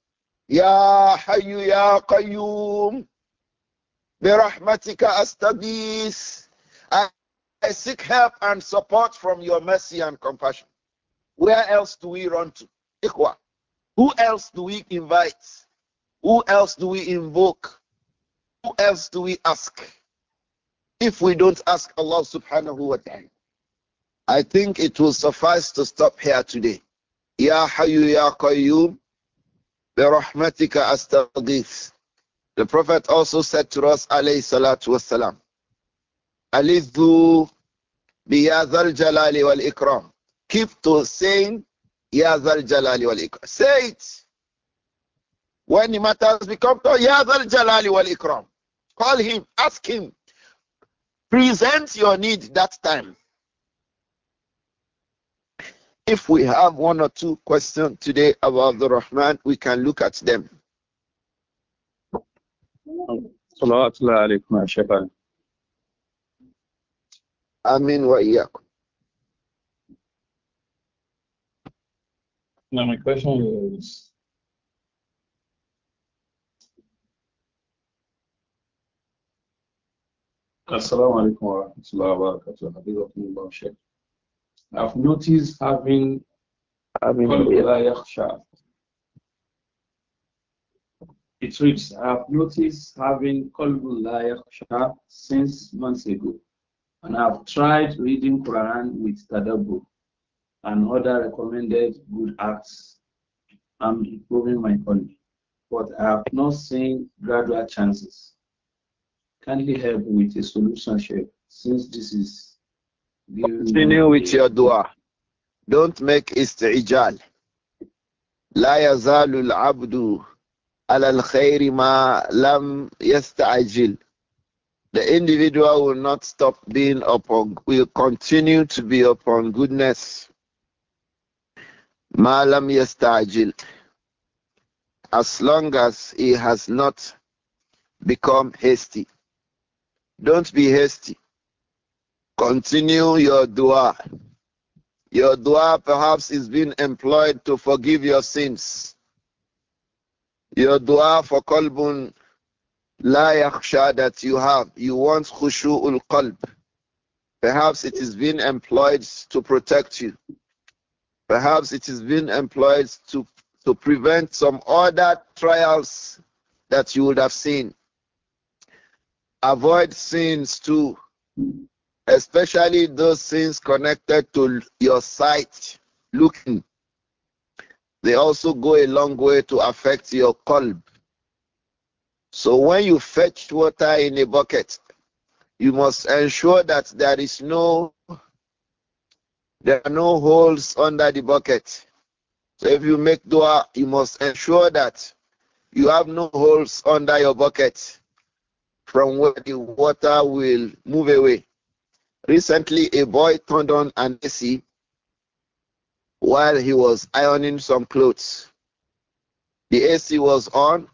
B: Ya Hayyu Ya Qayyum, Bi Rahmatika Astaghith. I, I seek help and support from your mercy and compassion. Where else do we run to? Ikhwa. Who else do we invite? Who else do we invoke? Who else do we ask? if we don't ask Allah subhanahu wa ta'ala. I think it will suffice to stop here today. Ya Hayy Ya Qayyum, rahmatika Astaghith. The Prophet also said to us, alayhi salatu wassalam, Alidhu biyadhal jalali wal ikram. Keep to saying, Yazal jalali wal ikram. Say it. When the matters become to Yazal jalali wal ikram. Call him, ask him, Present your need that time. If we have one or two questions today about the Rahman, we can look at them. Amin wa
A: Now my question is Assalamu alaikum wa rahmatullahi wa barakatuh. i I've
B: noticed having having it reads, I've noticed having Qalbul Layakhsha since months ago, and I've tried reading Quran with Tadabbur and other recommended good acts. I'm improving my condition, but I have not seen gradual chances. Kindly help with a solution share since this is. Continue with your dua. Don't make istijal. لا يزال العبد على الخير ما لم يستعجل. The individual will not stop being upon, will continue to be upon goodness. ما لم يستعجل. As long as he has not become hasty. Don't be hasty. Continue your dua. Your dua perhaps is being employed to forgive your sins. Your dua for kalbun la yakhsha that you have. You want khushu'ul qalb. Perhaps it is being employed to protect you. Perhaps it is being employed to, to prevent some other trials that you would have seen. Avoid sins too, especially those sins connected to your sight, looking. They also go a long way to affect your colb. So when you fetch water in a bucket, you must ensure that there is no there are no holes under the bucket. So if you make dua, you must ensure that you have no holes under your bucket from where the water will move away. Recently, a boy turned on an AC while he was ironing some clothes. The AC was on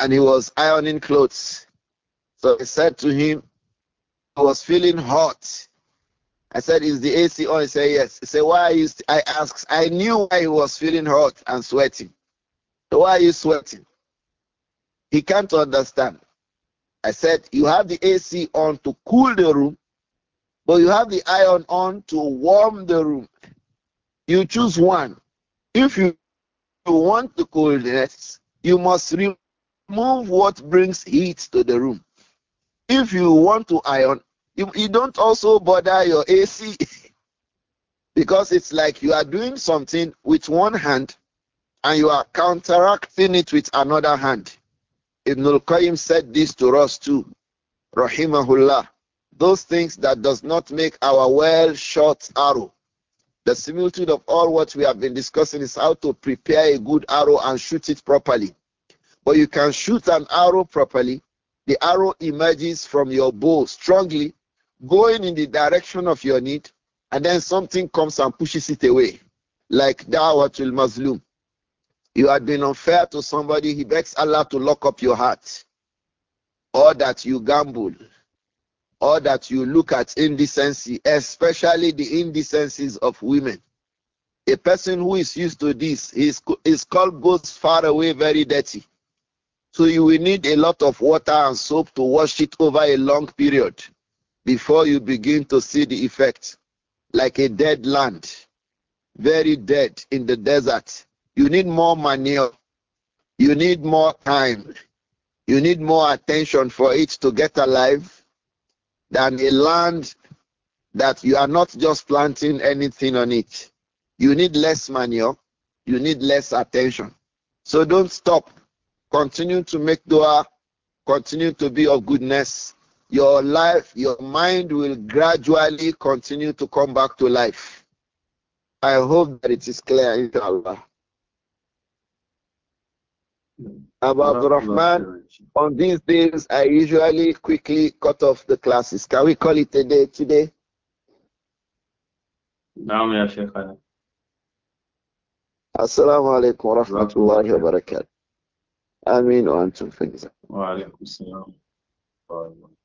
B: and he was ironing clothes. So I said to him, I was feeling hot. I said, Is the AC on? He said, Yes. He said, Why you I asked, I knew why he was feeling hot and sweating. So why are you sweating? He can't understand. I said you have the AC on to cool the room, but you have the iron on to warm the room. You choose one. If you want to cool nest, you must remove what brings heat to the room. If you want to iron, you, you don't also bother your AC (laughs) because it's like you are doing something with one hand and you are counteracting it with another hand. Ibn al-Qayyim said this to us too. Rahimahullah. Those things that does not make our well short arrow. The similitude of all what we have been discussing is how to prepare a good arrow and shoot it properly. But you can shoot an arrow properly. The arrow emerges from your bow strongly, going in the direction of your need, and then something comes and pushes it away, like Dawatul Mazlum. You had been unfair to somebody, he begs Allah to lock up your heart, or that you gamble, or that you look at indecency, especially the indecencies of women. A person who is used to this, his, his skull goes far away very dirty. So you will need a lot of water and soap to wash it over a long period before you begin to see the effect. Like a dead land, very dead in the desert. You need more manure. You need more time. You need more attention for it to get alive than a land that you are not just planting anything on it. You need less manure. You need less attention. So don't stop. Continue to make dua. Continue to be of goodness. Your life, your mind will gradually continue to come back to life. I hope that it is clear, inshallah. Abu Abdurrahman, on these days, I usually quickly cut off the classes. Can we call it a day today? نعم يا شيخنا السلام عليكم ورحمة الله وبركاته آمين
A: وأنتم